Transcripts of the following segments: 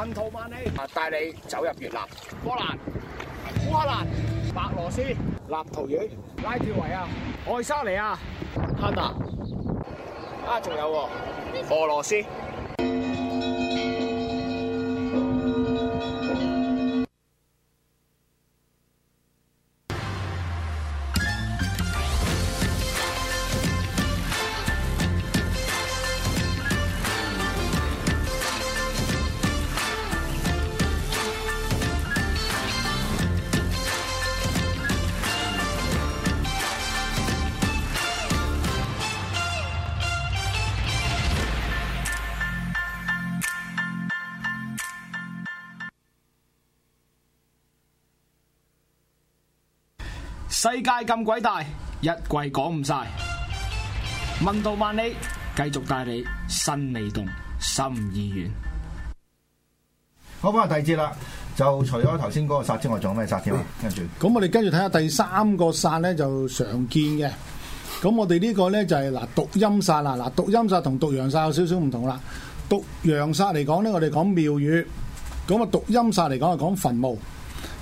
萬途萬里，帶你走入越南、波蘭、烏克蘭、白羅斯、立陶宛、拉脫維亞、愛沙尼亞、哈達，啊，仲有俄羅斯。大咁鬼大，一季講唔晒，問道萬里，繼續帶你心未動，心已遠。好翻下第二節啦，就除咗頭先嗰個煞之外，仲有咩煞添啊？跟住，咁我哋跟住睇下第三個煞咧，就常見嘅。咁我哋呢個咧就係嗱獨陰煞啦，嗱獨陰煞同獨陽煞有少少唔同啦。獨陽煞嚟講咧，我哋講廟宇；咁啊獨陰煞嚟講係講墳墓。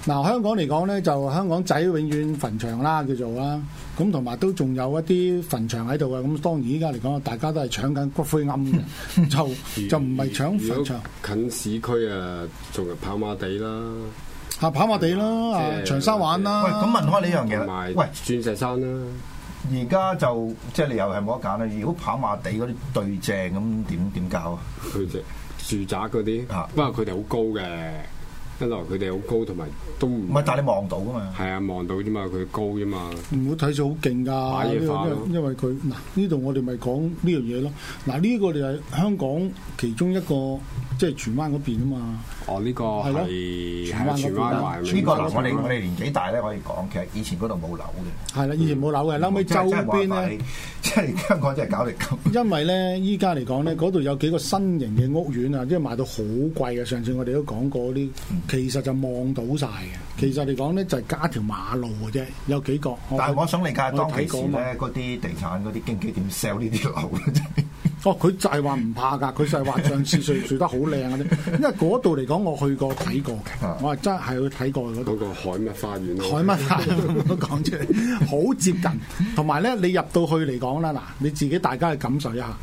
嗱，香港嚟講咧，就香港仔永遠墳場啦，叫做啦。咁同埋都仲有一啲墳場喺度嘅，咁當然依家嚟講，大家都係搶緊骨灰龕， 就就唔係搶墳場。近市區啊，仲係跑馬地啦，嚇、啊、跑馬地啦，啊，啊、就是、長沙灣啦。喂，咁問開呢樣嘢啦，喂，鑽石山啦、啊。而家就即係你又係冇得揀啦。如果跑馬地嗰啲對正咁點點搞啊？佢哋住宅嗰啲，不過因 為佢哋好高嘅。因為佢哋好高，同埋都唔係，但係你望到㗎嘛？係啊，望到啫嘛，佢高啫嘛。唔好睇住好勁㗎，因為佢，嗱，呢度我哋咪講呢樣嘢咯。嗱，呢個我哋係香港其中一個，即係荃灣嗰邊啊嘛。哦，呢、呢個係荃灣嗰邊，我哋我哋年紀大咧可以講，其實以前嗰度冇樓嘅。係啦，以前冇樓嘅，諗起周邊咧，即係香港真係搞成咁。因為咧，依家嚟講咧，嗰度有幾個新型嘅屋苑啊，即係賣到好貴嘅。上次我哋都講過啲，其實就望到晒嘅。其實嚟講咧，就係、加條馬路嘅啫，有幾個。但係我想理解當，當其時咧，嗰啲地產嗰啲經紀點 sell 呢啲樓咧？真佢、哦、就係話唔怕㗎，佢就係話上次睡睡得好靚啲，因為嗰度嚟講我去過睇過嘅，啊、我係真係去睇過嗰度。嗰個海乜花園、海乜花園 我都講出嚟，好接近。同埋咧，你入到去嚟講啦，嗱，你自己大家去感受一下。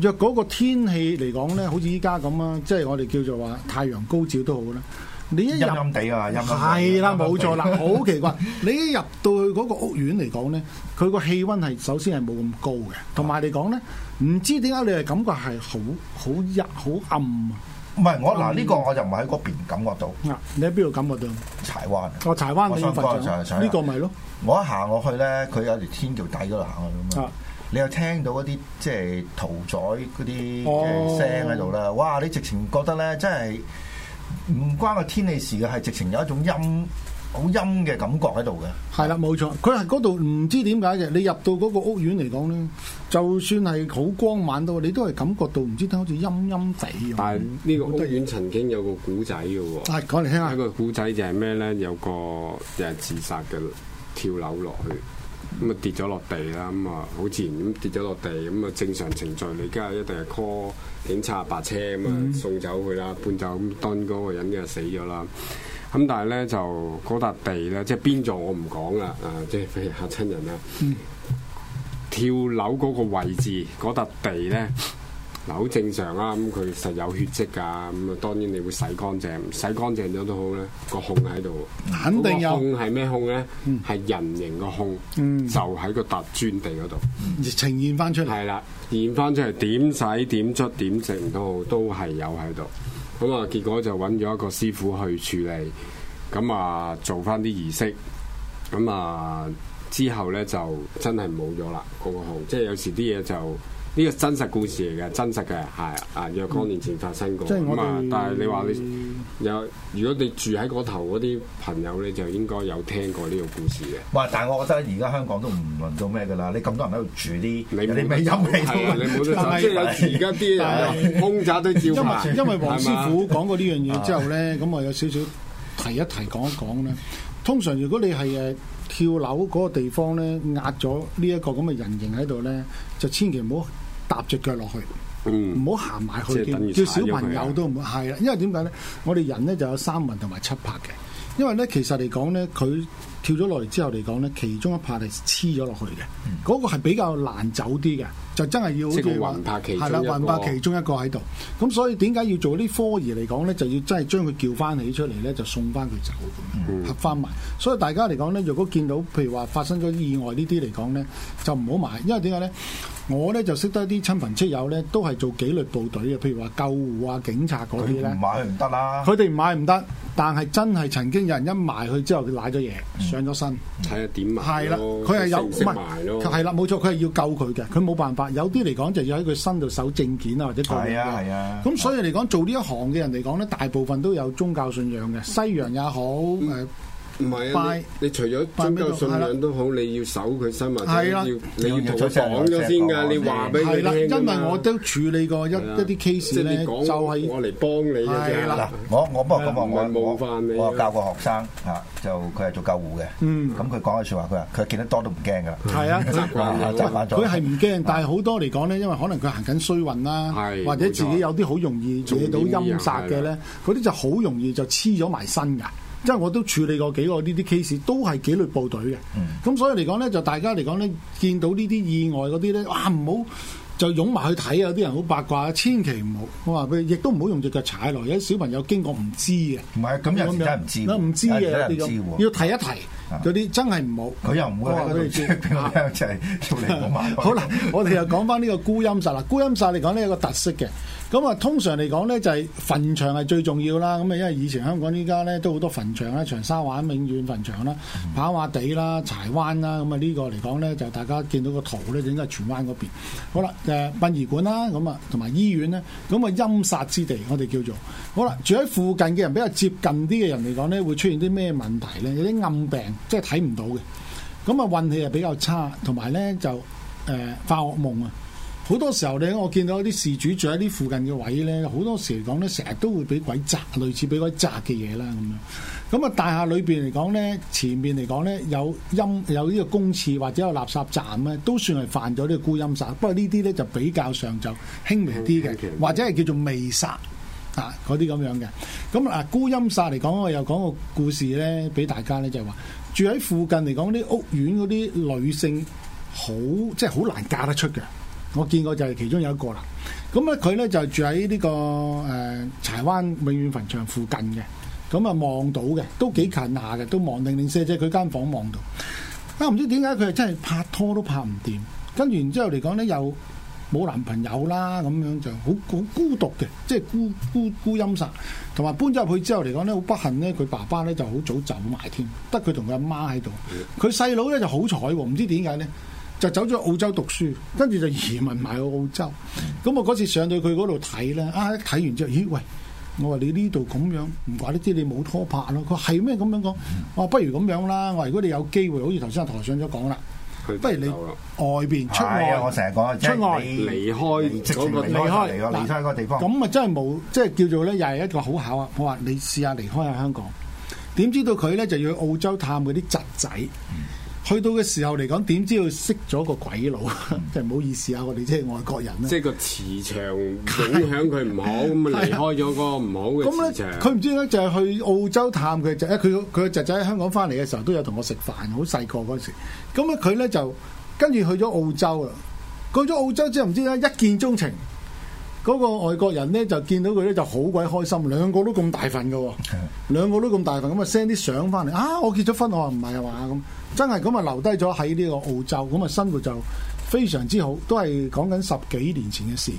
若嗰個天氣嚟講咧，好似依家咁啊，即係我哋叫做話太陽高照都好啦。你一入暗地㗎嘛？係啦，冇錯啦，好奇怪！你一入到去嗰個屋苑嚟講咧，佢個氣温係首先係冇咁高嘅，同埋嚟講咧，唔知點解你係感覺係好好陰好暗啊？唔係我，嗱，呢個我就唔係喺嗰邊感覺到。啊，你喺邊度感覺到？柴灣我，哦，柴灣你先呢個咪咯？我一行落去咧，佢有條天橋底嗰度行啊！你又聽到嗰啲即係屠宰嗰啲聲喺度啦！哇！你直情覺得咧，真係～唔關個天氣事嘅，係直情有一種陰好陰嘅感覺喺度嘅。係啦，冇錯，佢係嗰度唔知點解嘅。你入到嗰個屋苑嚟講咧，就算係好光猛到，你都係感覺到唔知點好似陰陰地咁。但係呢個屋苑曾經有個古仔嘅喎。係，講嚟聽下。個古仔就係咩咧？有個就係自殺嘅跳樓落去。咁啊跌咗落地啦，咁啊好自然咁跌咗落地，咁啊正常程序你家下一定係 call 警察白車咁啊送走佢啦，搬走咁當嗰個人就死咗啦。咁但係咧就嗰笪地咧，即係邊座我唔講啦，啊即係譬如嚇親人啦，嗯、跳樓嗰個位置嗰笪地咧。嗱，好正常啊！咁佢實有血跡噶，咁啊，當然你會洗乾淨，洗乾淨咗都好咧。個孔喺度，肯定有。孔，係咩孔咧？係人形、嗯、個孔，就喺個特磚地嗰度，呈現翻出嚟。係啦，現翻出嚟，點洗點捽點整都好，都係有喺度。咁啊，結果就揾咗一個師傅去處理，咁啊，做翻啲儀式，咁啊之後咧就真係冇咗啦。嗰個孔，即係有時啲嘢就。呢個真實故事嚟嘅，真實嘅，係啊，若干年前發生過。咁、嗯就是、但係你話你有，如果你住喺嗰頭嗰啲朋友咧，就應該有聽過呢個故事嘅。哇！但係我覺得而家香港都唔論做咩㗎啦，你咁多人喺度住啲、啊，你未是有未即問有而家啲人空宅都照賣。嗎因為黃師傅講過呢樣嘢之後咧，咁 我有少少提一提講一講啦。通常如果你係誒跳樓嗰個地方咧，壓咗呢一個咁嘅人形喺度咧，就千祈唔好。踏著腳落去，唔好行埋去叫小朋友都唔會係啦，因為點解咧？我哋人咧就有三魂同埋七魄嘅。因為咧，其實嚟講咧，佢。跳咗落嚟之後嚟講咧，其中一拍係黐咗落去嘅，嗰、嗯、個係比較難走啲嘅，就真係要好似係啦，雲霸其中一個喺度。咁的所以點解要做啲科儀嚟講咧，就要真係將佢叫翻起出嚟咧，就送翻佢走咁樣、嗯、合翻埋。嗯、所以大家嚟講咧，如果見到譬如話發生咗意外呢啲嚟講咧，就唔好買，因為點解咧？我咧就識得啲親朋戚友咧，都係做紀律部隊嘅，譬如話救護啊、警察嗰啲咧，唔買唔得啦。佢哋買唔得，但係真係曾經有人一買佢之後，佢攋咗嘢。上咗身，睇 下、啊、點埋都識埋咯。係啦、嗯，冇錯，佢係要救佢嘅，佢冇辦法。有啲嚟講就要喺佢身度搜證件啊，或者係啊。咁所以嚟講，啊、做呢一行嘅人嚟講咧，大部分都有宗教信仰嘅，西洋也好誒。嗯呃唔係啊！你除咗足夠信任都好，你要守佢新聞，你要你要同佢講咗先㗎。你話俾你啦，因為我都處理過一一啲 case 你咧，就係我嚟幫你我我不過咁話我我我教個學生嚇，就佢係做救護嘅。咁佢講句説話，佢話佢見得多都唔驚㗎。係啊，佢習慣咗。佢係唔驚，但係好多嚟講呢，因為可能佢行緊衰運啦，或者自己有啲好容易做到陰煞嘅咧，嗰啲就好容易就黐咗埋身㗎。即係我都處理過幾個呢啲 case，都係紀律部隊嘅。咁、嗯、所以嚟講咧，就大家嚟講咧，見到呢啲意外嗰啲咧，啊唔好就擁埋去睇啊！有啲人好八卦，千祈唔好。我話佢亦都唔好用隻腳踩落，有啲小朋友經過唔知嘅。唔係是，咁有時真係唔知。唔、嗯、知啊，你要，要提一提。的嗰啲真係唔好，佢又唔會喺我聽，真係調嚟好啦，我哋又講翻呢個孤陰煞啦。孤陰煞嚟講呢有個特色嘅，咁啊通常嚟講呢，就係墳場係最重要啦。咁啊因為以前香港依家呢，都好多墳場啦，長沙灣、永遠墳場啦、跑馬地啦、柴灣啦。咁啊呢個嚟講呢，就大家見到個圖咧，應該係荃灣嗰邊。好啦，誒、就係、殯儀館啦，咁啊同埋醫院呢，咁啊陰煞之地我哋叫做。好啦，住喺附近嘅人比較接近啲嘅人嚟講呢，會出現啲咩問題呢？有啲暗病。即係睇唔到嘅，咁啊運氣又比較差，同埋咧，就誒發噩夢啊。好、呃、多時候咧，我見到啲事主住喺啲附近嘅位咧，好多時嚟講咧，成日都會俾鬼砸，類似俾鬼砸嘅嘢啦咁樣。咁啊大廈裏邊嚟講咧，前面嚟講咧，有陰有呢個公廁或者有垃圾站咧，都算係犯咗呢個孤陰煞。不過呢啲咧就比較上就輕微啲嘅，嗯嗯嗯、或者係叫做微煞啊嗰啲咁樣嘅。咁啊孤陰煞嚟講，我又講個故事咧俾大家咧，就係話。住喺附近嚟講，啲屋苑嗰啲女性好即係好難嫁得出嘅。我見過就係其中有一個啦。咁咧佢咧就住喺呢、這個誒、呃、柴灣永遠墳場附近嘅。咁啊望到嘅都幾近下嘅，都望定零舍姐佢間房望到。啊唔知點解佢係真係拍拖都拍唔掂，跟住然之後嚟講咧又。冇男朋友啦，咁樣就好好孤獨嘅，即係孤孤孤、孤陰煞。同埋搬咗入去之後嚟講咧，好不幸咧，佢爸爸咧就好早走埋添，得佢同佢阿媽喺度。佢細佬咧就好彩喎，唔知點解咧，就走咗澳洲讀書，跟住就移民埋去澳洲。咁我嗰次上到佢嗰度睇咧，啊睇完之後，咦喂，我話你呢度咁樣，唔怪得之你冇拖拍咯。佢話係咩咁樣講？我話不如咁樣啦，我話如果你有機會，好似頭先阿台上咗講啦。不如你外邊出外，我成日講，即係你離開嗰個離開離開個地方。咁啊，真係冇，即係叫做咧，又係一個好巧啊！我話你試下離開下香港，點知道佢咧就要去澳洲探佢啲侄仔。嗯去到嘅時候嚟講，點知要識咗個鬼佬？即係唔好意思啊！我哋即係外國人咧。即係個磁場影響佢唔好，咁啊 離開咗個唔好嘅磁場。佢唔、 嗯嗯、知咧，就係、是、去澳洲探佢仔，佢佢個侄仔喺香港翻嚟嘅時候都有同我食飯，好細個嗰時。咁咧佢咧就跟住去咗澳洲啦。去咗澳，澳洲之後唔知咧一見鐘情。嗰個外國人咧就見到佢咧就好鬼開心，兩個都咁大份嘅，兩個都咁大份，咁啊 send 啲相翻嚟啊！我結咗婚，我話唔係話咁，真係咁啊留低咗喺呢個澳洲，咁啊生活就非常之好，都係講緊十幾年前嘅事。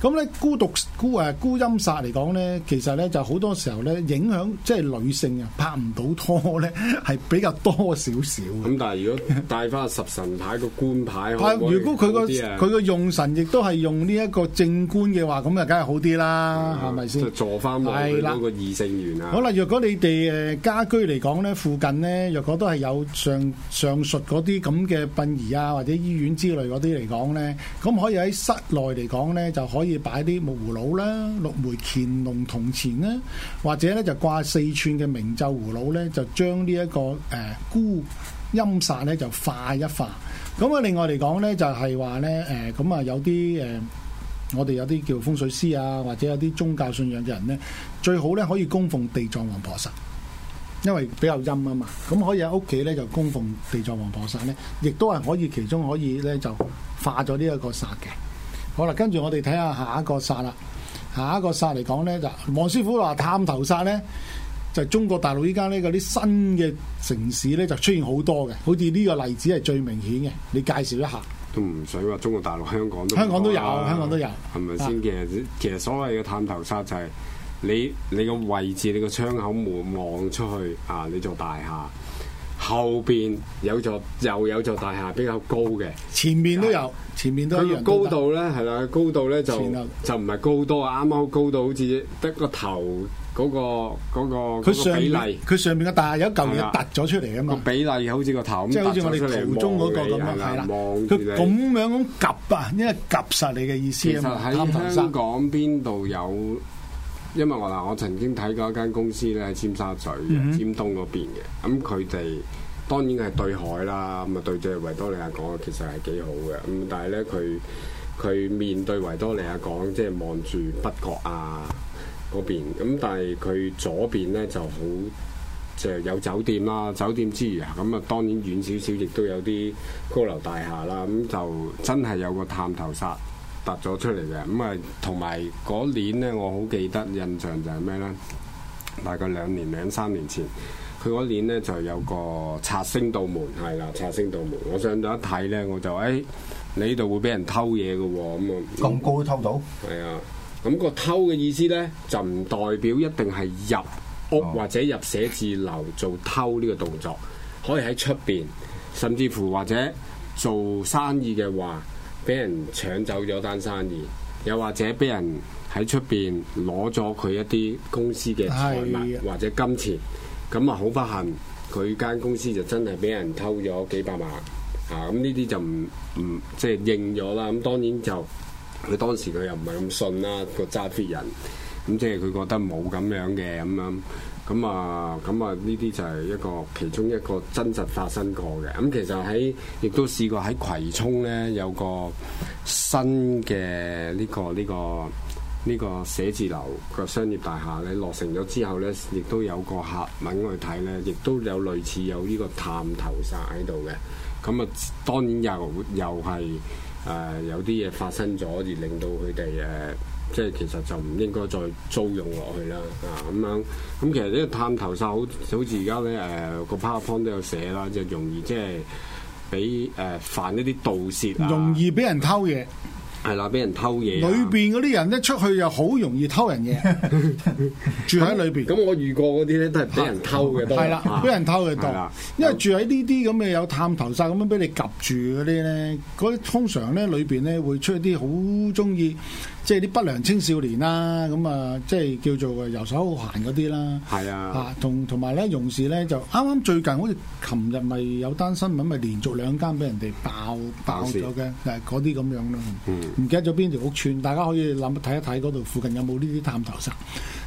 咁咧孤獨孤誒孤陰煞嚟講咧，其實咧就好多時候咧，影響即係女性啊拍唔到拖咧，係比較多少少。咁但係如果帶翻十神牌個官牌，可可如果佢個佢個用神亦都係用呢一個正官嘅話，咁啊梗係好啲啦，係咪先？就坐翻埋去啦，個異性緣啊。好啦，若果你哋誒家居嚟講咧，附近咧若果都係有上上述嗰啲咁嘅殯儀啊，或者醫院之類嗰啲嚟講咧，咁可以喺室內嚟講咧就可以。可以擺啲木葫蘆啦、六枚乾隆銅錢啦，或者咧就掛四串嘅明咒葫蘆咧，就將呢一個誒孤陰煞咧就化一化。咁啊，另外嚟講咧就係話咧誒，咁、呃、啊有啲誒、呃，我哋有啲叫風水師啊，或者有啲宗教信仰嘅人咧，最好咧可以供奉地藏王菩薩，因為比較陰啊嘛。咁可以喺屋企咧就供奉地藏王菩薩咧，亦都係可以其中可以咧就化咗呢一個煞嘅。好啦，跟住我哋睇下下一個煞啦。下一個煞嚟講咧，就黃師傅話探頭煞咧，就係中國大陸依家呢嗰啲新嘅城市咧就出現好多嘅，好似呢個例子係最明顯嘅。你介紹一下都唔使話中國大陸、香港都香港都有，香港都有係咪先？其實其實所謂嘅探頭煞就係你你個位置、你個窗口門望出去啊，你座大廈。後邊有座又有座大廈比較高嘅，前面都有，前面都有。佢高度咧係啦，高度咧就就唔係高多，啱啱高到好似得個頭嗰個嗰個。佢上邊佢上面嘅大廈有一嚿嘢凸咗出嚟啊嘛。個比例好似個頭咁突出嚟。即係好似我哋圖中嗰個咁啊，係啦。佢咁樣咁 𥄫 啊，因為 𥄫 實你嘅意思啊。其實喺香港邊度有？因為我嗱，我曾經睇過一間公司咧喺尖沙咀、mm hmm. 尖東嗰邊嘅，咁佢哋當然係對海啦，咁啊對住維多利亞港其實係幾好嘅。咁但係咧，佢佢面對維多利亞港，即係望住北角啊嗰邊。咁但係佢左邊咧就好就有酒店啦，酒店之餘啊，咁啊當然遠少少，亦都有啲高樓大廈啦。咁就真係有個探頭煞。凸咗出嚟嘅，咁啊，同埋嗰年呢，我好記得印象就係咩呢？大概兩年兩三年前，佢嗰年呢，就有個拆星道門，係啦，拆星道門。我上咗一睇呢，我就誒、哎，你呢度會俾人偷嘢嘅喎，咁、嗯、啊，咁高都偷到？係啊，咁、嗰個偷嘅意思呢，就唔代表一定係入屋或者入寫字樓做偷呢個動作，可以喺出邊，甚至乎或者做生意嘅話。俾人搶走咗單生意，又或者俾人喺出邊攞咗佢一啲公司嘅財物或者金錢，咁啊，好不幸，佢間公司就真係俾人偷咗幾百萬啊！咁呢啲就唔唔即係認咗啦。咁、啊、當然就佢當時佢又唔係咁信啦、啊、個揸 fit 人，咁即係佢覺得冇咁樣嘅咁樣。啊咁啊，咁啊、嗯，呢、嗯、啲、嗯、就係一個其中一個真實發生過嘅。咁、嗯、其實喺亦都試過喺葵涌呢，有個新嘅呢、呢個呢、呢個呢、呢個寫字樓個商業大廈咧落成咗之後呢，亦都有個客揾去睇呢，亦都有類似有呢個探頭煞喺度嘅。咁、嗯、啊，當然又又係誒、呃、有啲嘢發生咗而令到佢哋誒。呃即係其實就唔應該再租用落去啦，啊咁樣咁其實呢個探頭煞好好似而家咧誒個 PowerPoint 都有寫啦，就容易即係俾誒犯一啲盜竊、啊、容易俾人偷嘢係啦，俾、啊、人偷嘢裏邊嗰啲人咧出去又好容易偷人嘢， 住喺裏邊。咁、啊、我遇過嗰啲咧都係俾人偷嘅都係啦，俾人偷嘅多、啊，是是因為住喺呢啲咁嘅有探頭煞咁樣俾你夾住嗰啲咧，嗰啲通常咧裏邊咧會出一啲好中意。 即係啲不良青少年啦，咁是啊，啊，即係叫做游手好閒嗰啲啦。係啊，同同埋呢，容事呢，就啱啱最近好似琴日咪有單新聞，咪連續兩間俾人哋爆爆咗嘅，嗰啲咁樣咯。唔、嗯、記得咗邊條屋邨，大家可以諗睇一睇嗰度附近有冇呢啲探頭煞。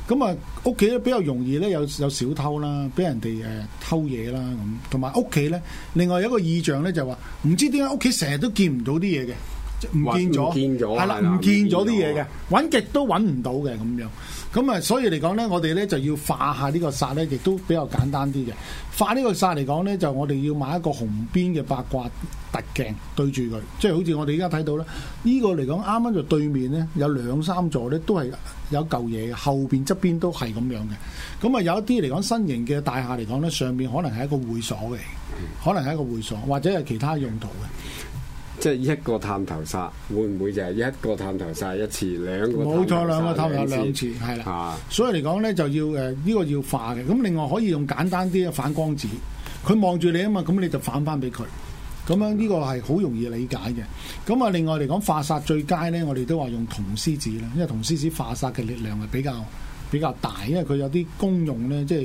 咁啊，屋企咧比較容易呢，有有小偷啦，俾人哋誒、呃、偷嘢啦咁。同埋屋企呢，另外有一個異象呢，就話、是、唔知點解屋企成日都見唔到啲嘢嘅。唔見咗，係啦，唔見咗啲嘢嘅，揾極都揾唔到嘅咁樣。咁啊，所以嚟講咧，我哋咧就要化下呢個煞咧，亦都比較簡單啲嘅。化呢個煞嚟講咧，就我哋要買一個紅邊嘅八卦凸鏡對住佢，即係好似我哋而家睇到啦。呢個嚟講啱啱就對面咧有兩三座咧都係有嚿嘢，後邊側邊都係咁樣嘅。咁啊有一啲嚟講新型嘅大廈嚟講咧，上面可能係一個會所嘅，可能係一個會所或者係其他用途嘅。即係一個探頭煞，會唔會就係一個探頭煞一次？兩個探頭煞一次。冇錯，兩個探頭煞兩次，係啦。啊，所以嚟講咧，就要誒呢、呢個要化嘅。咁另外可以用簡單啲嘅反光紙，佢望住你啊嘛，咁你就反翻俾佢。咁樣呢個係好容易理解嘅。咁啊，另外嚟講化煞最佳咧，我哋都話用銅獅子啦，因為銅獅子化煞嘅力量係比較比較大，因為佢有啲功用咧，即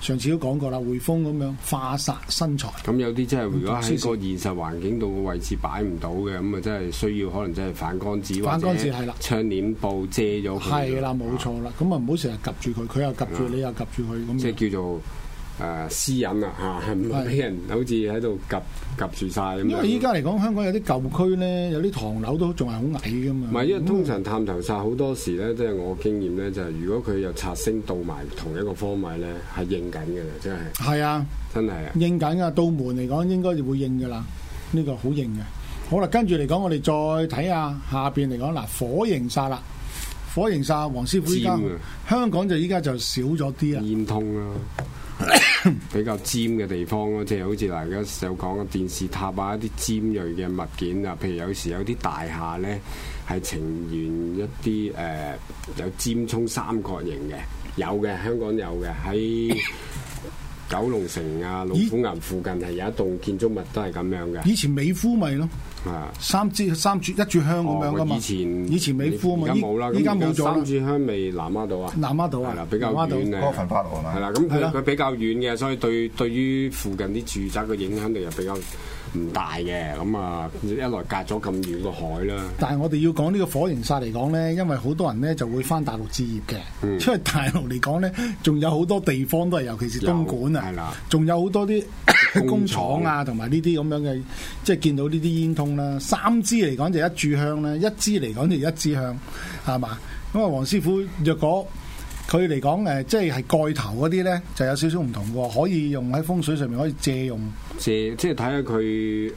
係上次都講過啦，匯豐咁樣化煞生財。咁有啲即係如果喺個現實環境度嘅位置擺唔到嘅，咁啊真係需要可能真係反光紙或者窗簾布遮咗佢。係啦，冇錯啦，咁啊唔好成日 𥄫 住佢，佢又 𥄫 住你，的又 𥄫 住佢咁。的樣即係叫做。誒，私隱啦吓，唔俾人好似喺度夾夾住晒咁。因為依家嚟講，香港有啲舊區咧，有啲唐樓都仲係好矮噶嘛。唔係，因為通常探頭煞好多時咧，即係我經驗咧，就係、是、如果佢又殺升到埋同一個方位咧，係應緊嘅啦，即係。係啊，真係啊。應緊噶，到門嚟講應該就會應噶啦，呢、這個好應嘅。好啦，跟住嚟講，我哋再睇下下邊嚟講嗱，火形煞啦，火形煞，黃師傅依家尖、啊、香港就依家就少咗啲啊，煙通啊。 比較尖嘅地方咯，即、就、係、是、好似大家所講嘅電視塔啊，一啲尖鋭嘅物件啊，譬如有時有啲大廈呢，係呈現一啲誒、呃、有尖沖三角形嘅，有嘅，香港有嘅，喺九龍城啊、老虎岩附近係有一棟建築物都係咁樣嘅。以前美孚咪咯。三支三柱一炷香咁樣噶嘛，以前以前美孚，依家冇啦，依家冇咗三炷香未，南丫島啊，南丫島啊，比較遠嘅。分發落啦。係啦，咁佢比較遠嘅，所以對對於附近啲住宅嘅影響，又比較。唔大嘅，咁啊一來隔咗咁遠個海啦。但係我哋要講呢個火形煞嚟講呢，因為好多人呢就會翻大陸置業嘅。嗯，因為大陸嚟講呢，仲有好多地方都係，尤其是東莞是 啊，係啦，仲有好多啲工廠啊，同埋呢啲咁樣嘅，即係見到呢啲煙囪啦。三支嚟講就一炷香咧，一支嚟講就一支香，係嘛？咁啊，黃師傅若果。佢嚟講誒，即係係蓋頭嗰啲咧，就有少少唔同喎，可以用喺風水上面可以借用，借即係睇下佢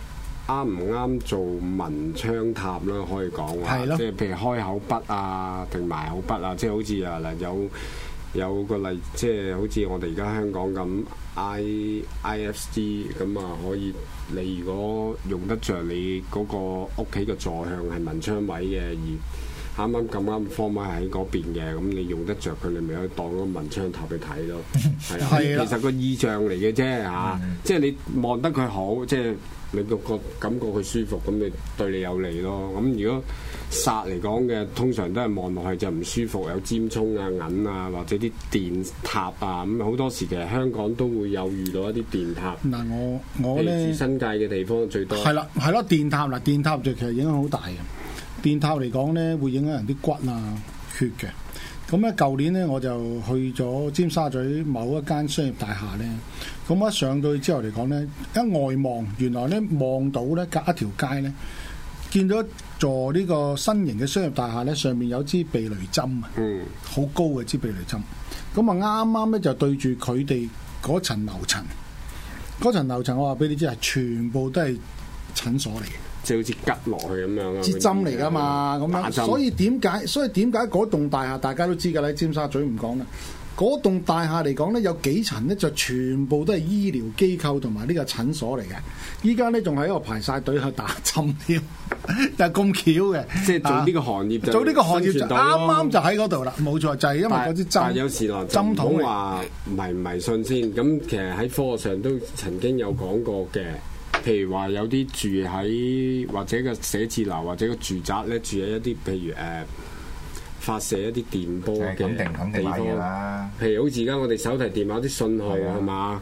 啱唔啱做文昌塔啦，可以講話，的即係譬如開口筆啊，定埋口筆啊、口筆啊，即係好似啊嗱有有個例，即係好似我哋而家香港咁，I IFC 咁啊，可以你如果用得着你嗰個屋企嘅坐向係文昌位嘅而。啱啱咁啱方位喺嗰邊嘅，咁你用得着佢，你咪可以當個文昌塔去睇咯。係啊 的，其實個意象嚟嘅啫嚇，的啊、即係你望得佢好，即係你個覺感覺佢舒服，咁你對你有利咯。咁如果煞嚟講嘅，通常都係望落去就唔舒服，有尖沖啊、銀啊，或者啲電塔啊，咁好多時其實香港都會有遇到一啲電塔。嗱，我我新界嘅地方最多。係啦，係咯，電塔嗱，電塔就其實影響好大嘅。電塔嚟講呢，會影響人啲骨啊、血嘅。咁咧，舊年呢，我就去咗尖沙咀某一間商業大廈呢。咁一上到去之後嚟講呢，一外望原來呢望到呢隔一條街呢，見到一座呢個新型嘅商業大廈呢，上面有支避雷針啊。嗯。好高嘅支避雷針。咁啊啱啱呢，就,剛剛就對住佢哋嗰層樓層，嗰層樓層我話俾你知係，全部都係診所嚟嘅。即係好似吉落去咁樣支針嚟㗎嘛，咁樣針所，所以點解？所以點解嗰棟大廈大家都知㗎咧？尖沙咀唔講啦，嗰棟大廈嚟講咧，有幾層咧就全部都係醫療機構同埋呢個診所嚟嘅。依家咧仲喺度排晒隊去打針添，但係 咁巧嘅。即係做呢個行業，做呢個行業就啱啱、啊、就喺嗰度啦，冇、嗯、錯，就係、是、因為嗰啲針筒。針筒。唔好話迷唔迷信先咁，嗯、其實喺科學上都曾經有講過嘅。嗯譬如話有啲住喺或者個寫字樓或者個住宅咧，住喺一啲譬如誒、呃、發射一啲電波嘅地方，肯定肯定啦，譬如好似而家我哋手提電話啲信號係嘛啊吧、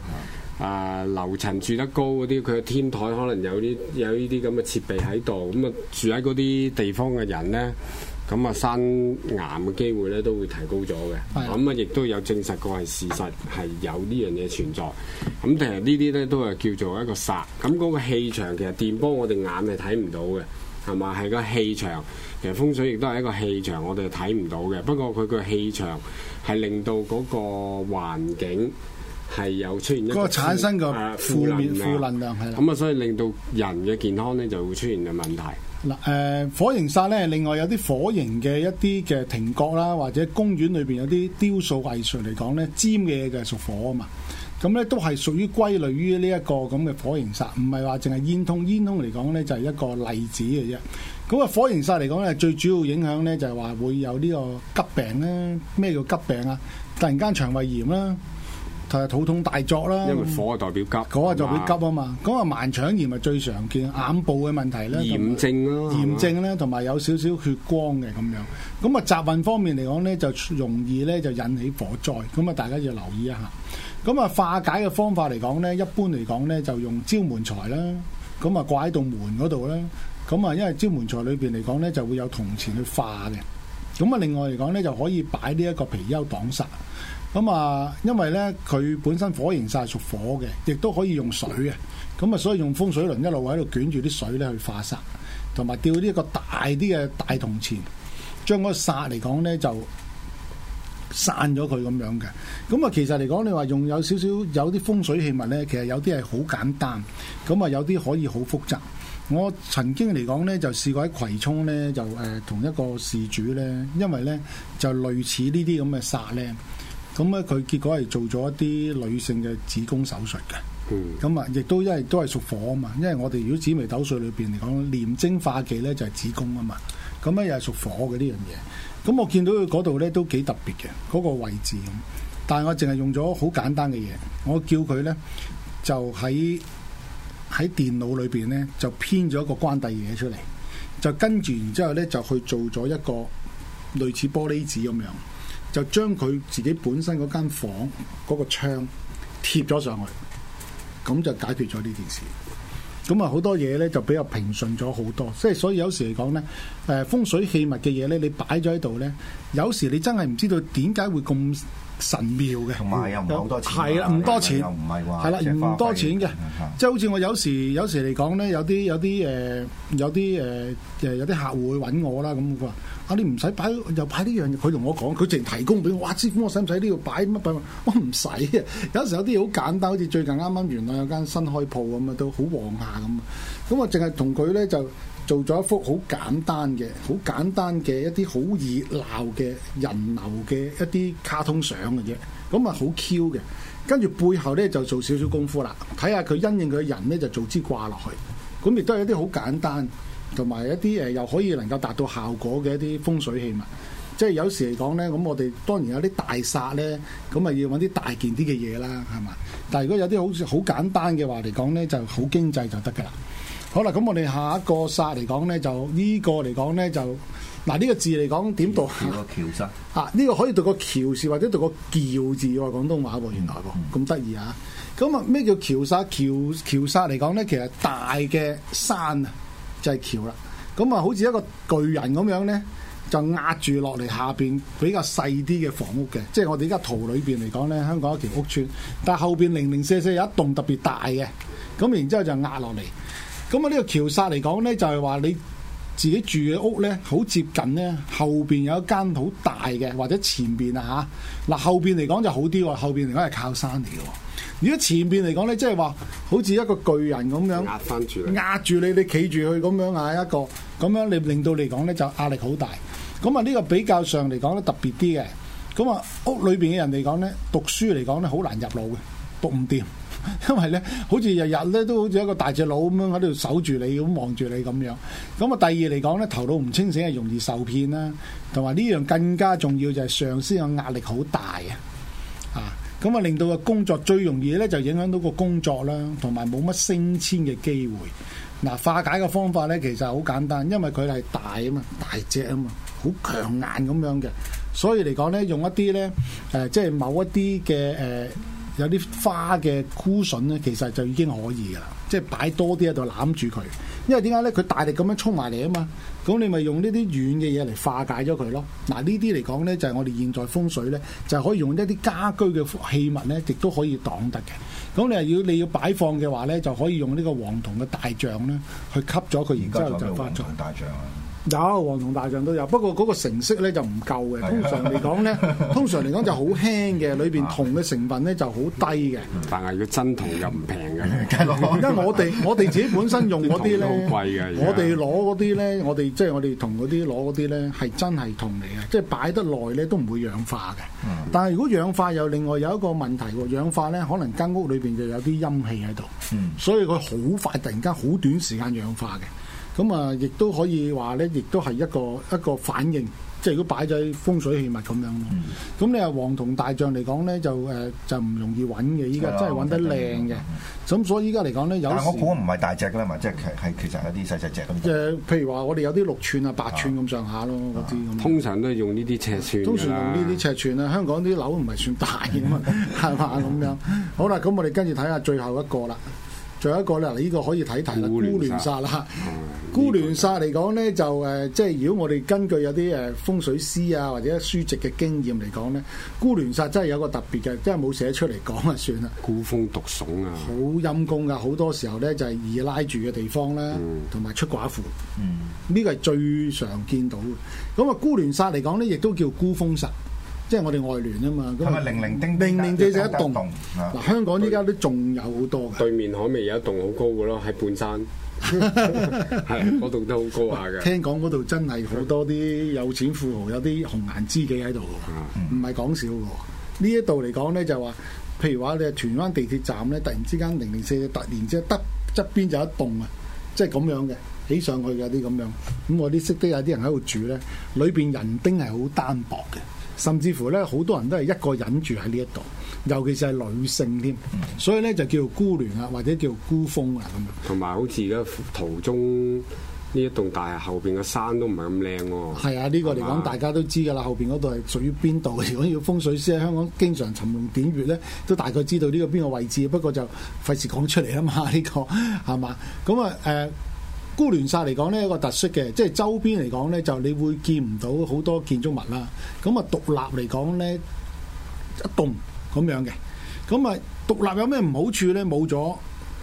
呃、樓層住得高嗰啲，佢個天台可能有啲有呢啲咁嘅設備喺度，咁啊住喺嗰啲地方嘅人咧。咁啊，生癌嘅機會咧都會提高咗嘅。咁啊的，亦都有證實過係事實，係有呢樣嘢存在。咁其實呢啲咧都係叫做一個煞。咁嗰個氣場其實電波我哋眼係睇唔到嘅，係嘛？係個氣場，其實風水亦都係一個氣場，我哋睇唔到嘅。不過佢個氣場係令到嗰個環境係有出現一個，個產生個負能負能量。咁啊，所以令到人嘅健康咧就會出現嘅問題。嗱，誒、呃、火形煞咧，另外有啲火形嘅一啲嘅亭閣啦，或者公園裏邊有啲雕塑藝術嚟講咧，尖嘅就係屬火啊嘛。咁咧都係屬於歸類於呢一個咁嘅火形煞，唔係話淨係煙通煙通嚟講咧，就係、是、一個例子嘅啫。咁啊，火形煞嚟講咧，最主要影響咧就係、是、話會有呢個急病咧。咩叫急病啊？突然間腸胃炎啦～就係肚痛大作啦，因為火啊代表急，火啊代表急啊嘛，咁啊盲腸炎咪最常見，眼部嘅問題咧，炎症咯，炎症咧同埋有少少血光嘅咁樣，咁啊雜運方面嚟講咧就容易咧就引起火災，咁啊大家要留意一下，咁啊化解嘅方法嚟講咧，一般嚟講咧就用招門財啦，咁啊掛喺棟門嗰度啦，咁啊因為招門財裏邊嚟講咧就會有銅錢去化嘅，咁啊另外嚟講咧就可以擺呢一個貔貅擋煞。咁啊，因為咧佢本身火形煞係屬火嘅，亦都可以用水嘅。咁啊，所以用風水輪一路喺度捲住啲水咧去化煞，同埋吊呢一個大啲嘅大銅錢，將嗰煞嚟講咧就散咗佢咁樣嘅。咁啊，其實嚟講，你話用有少少有啲風水器物咧，其實有啲係好簡單，咁啊有啲可以好複雜。我曾經嚟講咧，就試過喺葵涌咧，就誒同一個事主咧，因為咧就類似呢啲咁嘅煞咧。咁咧，佢結果係做咗一啲女性嘅子宮手術嘅。咁啊、嗯，亦都因為都係屬火啊嘛，因為我哋如果紫微斗數裏邊嚟講，煉精化氣咧就係子宮啊嘛。咁咧又係屬火嘅呢樣嘢。咁我見到佢嗰度咧都幾特別嘅，嗰、那個位置。但係我淨係用咗好簡單嘅嘢，我叫佢咧就喺喺電腦裏邊咧就編咗一個關帝嘢出嚟，就跟住然之後咧就去做咗一個類似玻璃紙咁樣。就將佢自己本身嗰間房嗰個窗貼咗上去，咁就解決咗呢件事。咁啊好多嘢呢，就比較平順咗好多，即係所以有時嚟講呢，誒風水器物嘅嘢呢，你擺咗喺度呢，有時你真係唔知道點解會咁。神廟嘅，同埋又唔係好多錢，係啦，唔多錢，唔係話，係啦，唔多錢嘅，即係好似我有時有時嚟講咧，有啲有啲誒，有啲誒誒，有啲客戶會揾我啦咁，佢話：啊，你唔使擺，又擺呢樣嘢。佢同我講，佢淨提供俾我。哇！師傅，我使唔使呢度擺乜？我唔使嘅。有時有啲嘢好簡單，好似最近啱啱原來有間新開鋪咁啊，都好旺下咁。咁我淨係同佢咧就。做咗一幅好簡單嘅、好簡單嘅一啲好熱鬧嘅人流嘅一啲卡通相嘅啫，咁啊好 Q 嘅。跟住背後咧就做少少功夫啦，睇下佢因應佢嘅人咧就做支掛落去。咁亦都係一啲好簡單同埋一啲誒又可以能夠達到效果嘅一啲風水器物。即係有時嚟講咧，咁我哋當然有啲大煞咧，咁啊要搵啲大件啲嘅嘢啦，係嘛？但係如果有啲好似好簡單嘅話嚟講咧，就好經濟就得㗎啦。好啦，咁我哋下一個煞嚟講咧，就個講呢個嚟講咧就嗱呢、這個字嚟講點讀？個橋煞啊，呢、這個可以讀個橋字或者讀個轎字喎，廣東話原來喎，咁得意啊！咁啊咩叫橋煞？橋，橋煞嚟講咧，其實大嘅山就係橋啦。咁啊，好似一個巨人咁樣咧，就壓住落嚟下邊比較細啲嘅房屋嘅，即係我哋依家圖裏邊嚟講咧，香港一條屋村，但係後邊零零四四有一棟特別大嘅，咁然之後就壓落嚟。咁啊，呢個橋煞嚟講呢，就係話你自己住嘅屋呢，好接近呢，後邊有一間好大嘅，或者前邊啊嚇。嗱後邊嚟講就好啲喎，後邊嚟講係靠山嚟嘅。如果前邊嚟講呢，即係話好似一個巨人咁樣壓住，壓住你，你企住佢咁樣壓一個，咁樣你令到你講呢就壓力好大。咁啊，呢個比較上嚟講呢特別啲嘅。咁啊，屋裏邊嘅人嚟講呢，讀書嚟講呢，好難入腦嘅，讀唔掂。因為咧，好似日日咧都好似一個大隻佬咁樣喺度守住你，咁望住你咁樣。咁啊，第二嚟講咧，頭腦唔清醒係容易受騙啦。同埋呢樣更加重要就係上司嘅壓力好大啊。啊，咁啊令到個工作最容易咧就影響到個工作啦，同埋冇乜升遷嘅機會。嗱、啊，化解嘅方法咧，其實好簡單，因為佢係大啊嘛，大隻啊嘛，好強硬咁樣嘅。所以嚟講咧，用一啲咧誒，即係某一啲嘅誒。呃有啲花嘅咕 𠱸 咧，其實就已經可以㗎喇，即係擺多啲喺度攬住佢。因為點解咧？佢大力咁樣衝埋嚟啊嘛，咁你咪用呢啲軟嘅嘢嚟化解咗佢咯。嗱呢啲嚟講咧，就係、是、我哋現在風水咧、就是，就可以用一啲家居嘅器物咧，亦都可以擋得嘅。咁你係要你要擺放嘅話咧，就可以用呢個黃銅嘅大象咧去吸咗佢，然之後就化解。有黃銅大象都有，不過嗰個成色咧就唔夠嘅。通常嚟講咧， 通常嚟講就好輕嘅，裏邊銅嘅成分咧就好低嘅。但係如果真銅又唔平嘅，而家 我哋我哋自己本身用嗰啲咧，好貴嘅，我哋攞嗰啲咧，就是、我哋即係我哋同嗰啲攞嗰啲咧係真係銅嚟嘅，即係擺得耐咧都唔會氧化嘅。但係如果氧化又另外有一個問題喎，氧化咧可能間屋裏邊就有啲陰氣喺度，所以佢好快突然間好短時間氧化嘅。咁啊，亦都可以話咧，亦都係一個一個反應，即係如果擺咗風水器物咁樣咯。咁你話黃銅大象嚟講咧，就誒就唔容易揾嘅。依家真係揾得靚嘅。咁所以依家嚟講咧，有但係我估唔係大隻㗎喇，嘛，即係係其實有啲細細隻咁。誒，譬如話我哋有啲六寸啊、八寸咁上下咯，嗰啲咁。通常都係用呢啲尺寸。通常用呢啲尺寸啦，香港啲樓唔係算大嘅嘛，係嘛咁樣。好啦，咁我哋跟住睇下最後一個啦。仲有一個咧，呢、這、依個可以睇睇啦。孤聯煞啦，孤聯煞嚟講咧，就誒、呃，即係如果我哋根據有啲誒風水師啊或者書籍嘅經驗嚟講咧，孤聯煞真係有個特別嘅，即係冇寫出嚟講就啊，算啦。孤峰獨聳啊！好陰功㗎，好多時候咧就係易拉住嘅地方咧，同埋、嗯、出寡婦。嗯，呢個係最常見到嘅。咁啊，孤聯煞嚟講咧，亦都叫孤峰煞。即係我哋外聯啊嘛，咁咪零零丁丁，零零四四一棟嗱，嗯、香港依家都仲有好多。對面海味有一棟好高嘅咯？喺半山，係嗰棟都好高下嘅。聽講嗰度真係好多啲有錢富豪，有啲紅顏知己喺度，唔係講笑嘅。呢一度嚟講咧，就話譬如話你係荃灣地鐵站咧，突然之間零零四四，突然之間側側邊就一棟啊，即係咁樣嘅起上去嘅啲咁樣。咁我啲識得有啲人喺度住咧，裏邊人丁係好單薄嘅。甚至乎咧，好多人都係一個人住喺呢一度，尤其是係女性添，所以咧就叫孤鸞啊，或者叫孤峰啊咁樣。同埋好似而家途中呢一棟大廈後邊嘅山都唔係咁靚喎。係啊，呢個嚟講大家都知㗎啦，吧後邊嗰度係屬於邊度？如果要風水師喺香港經常尋龍點穴咧，都大概知道呢個邊個位置。不過就費事講出嚟啦嘛，呢個係嘛？咁啊誒。 孤聯煞嚟講呢，一個特色嘅，即係周邊嚟講呢，就你會見唔到好多建築物啦。咁啊，獨立嚟講呢，一棟咁樣嘅，咁啊，獨立有咩唔好處呢？冇咗。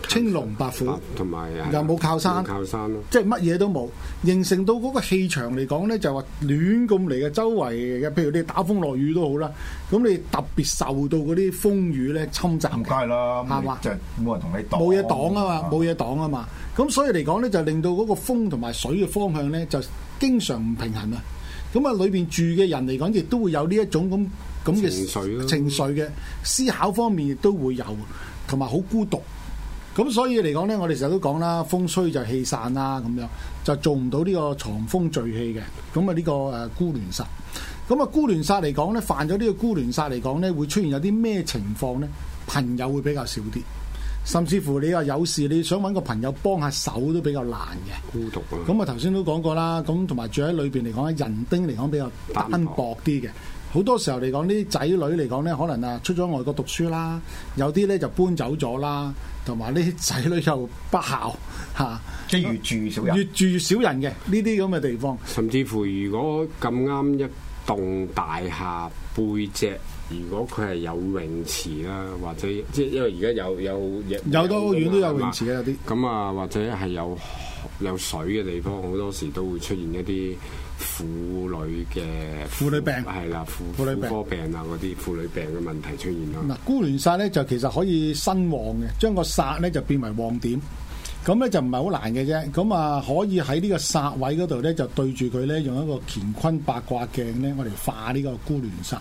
青龍白虎，同埋又冇靠山，靠山即係乜嘢都冇，形成到嗰個氣場嚟講呢，就話亂咁嚟嘅周圍嘅，譬如你打風落雨都好啦，咁你特別受到嗰啲風雨呢侵襲梗係啦，係，就冇人同你冇嘢擋啊嘛，冇嘢擋啊嘛，咁所以嚟講呢，就令到嗰個風同埋水嘅方向呢，就經常唔平衡啊，咁啊裏邊住嘅人嚟講，亦都會有呢一種咁咁嘅情緒、啊、情緒嘅思考方面亦都會有，同埋好孤獨。咁所以嚟講呢，我哋成日都講啦，風吹就氣散啦，咁樣就做唔到呢個藏風聚氣嘅。咁啊、這個，呢個誒孤聯煞。咁啊，孤聯煞嚟講呢，犯咗呢個孤聯煞嚟講呢，會出現有啲咩情況呢？朋友會比較少啲，甚至乎你話有事你想揾個朋友幫下手都比較難嘅。孤獨咁啊，頭先都講過啦。咁同埋住喺裏邊嚟講咧，人丁嚟講比較單薄啲嘅。好多時候嚟講，啲仔女嚟講咧，可能啊出咗外國讀書啦，有啲咧就搬走咗啦，同埋啲仔女又不孝吓， 即係 越住越少人，越住越少人嘅呢啲咁嘅地方。甚至乎，如果咁啱一棟大廈背脊，如果佢係有泳池啦，或者即係因為而家有有有好多屋苑都有泳池嘅吧有啲。咁啊，或者係有有水嘅地方，好多時都會出現一啲。婦女嘅婦女病係啦，婦婦科病啊，嗰啲婦女病嘅問題出現咯。嗱，孤鸞煞咧就其實可以生旺嘅，將個煞咧就變為旺點。咁咧就唔係好難嘅啫。咁啊，可以喺呢個煞位嗰度咧，就對住佢咧，用一個乾坤八卦鏡咧，我哋化呢個孤鸞煞。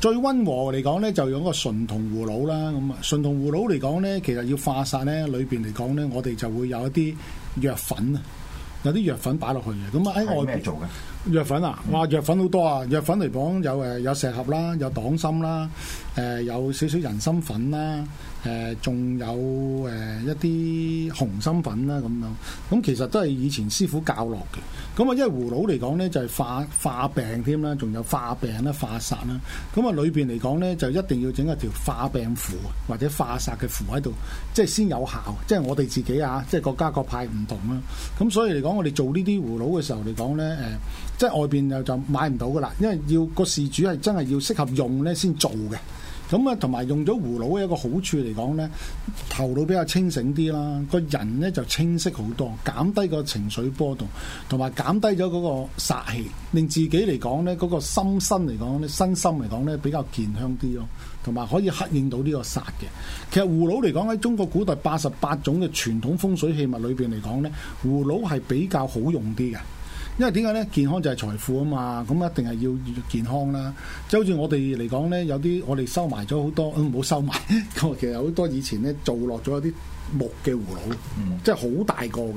最溫和嚟講咧，就用個純銅葫蘆啦。咁啊，純銅葫蘆嚟講咧，其實要化煞咧，裏邊嚟講咧，我哋就會有一啲藥粉啊。有啲藥粉擺落去嘅，咁啊喺外邊做嘅藥粉啊，哇，藥粉好多啊！藥粉嚟講有誒有石盒啦，有黨蔘啦，誒、呃、有少少人參粉啦。誒，仲有誒一啲紅心粉啦咁樣，咁其實都係以前師傅教落嘅。咁啊，因為葫蘆嚟講咧，就係化化病添啦，仲有化病啦、化煞啦。咁啊，裏邊嚟講咧，就一定要整一條化病符或者化煞嘅符喺度，即係先有效。即係我哋自己啊，即係各家各派唔同啦。咁所以嚟講，我哋做呢啲葫蘆嘅時候嚟講咧，誒，即係外邊又就買唔到噶啦，因為要個事主係真係要適合用咧先做嘅。咁啊，同埋用咗葫蘆一個好處嚟講呢，頭腦比較清醒啲啦，個人呢就清晰好多，減低個情緒波動，同埋減低咗嗰個煞氣，令自己嚟講呢，嗰、嗰個心身嚟講呢，身心嚟講呢，比較健康啲咯，同埋可以剋應到呢個煞嘅。其實葫蘆嚟講喺中國古代八十八種嘅傳統風水器物裏邊嚟講呢，葫蘆係比較好用啲嘅。因為點解咧？健康就係財富啊嘛，咁一定係要健康啦。即係好似我哋嚟講咧，有啲我哋收埋咗好多，唔好收埋。 其實有好多以前咧，做落咗一啲木嘅葫蘆，嗯、即係好大個嘅。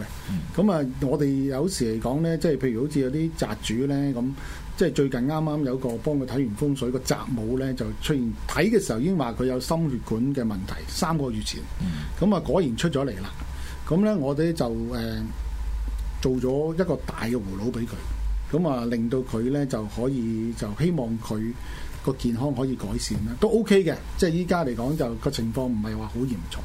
咁啊、嗯，嗯、我哋有時嚟講咧，即係譬如好似有啲宅主咧，咁即係最近啱啱有個幫佢睇完風水、個宅母咧，就出現睇嘅時候已經話佢有心血管嘅問題，三個月前。咁啊、嗯，嗯、果然出咗嚟啦。咁咧，我哋就誒，做咗一個大嘅葫蘆俾佢，咁啊令到佢咧就可以就希望佢個健康可以改善啦，都 OK 嘅，即係依家嚟講就個情況唔係話好嚴重，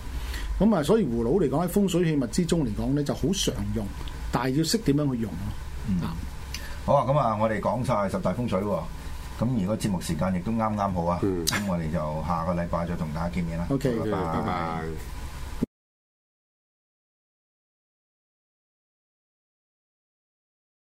咁啊所以葫蘆嚟講喺風水器物之中嚟講咧就好常用，但係要識點樣去用咯。嗯，好啊，咁啊我哋講晒十大風水喎，咁如果節目時間亦都啱啱好啊，咁、嗯、我哋就下個禮拜再同大家見面啦。OK，bye bye。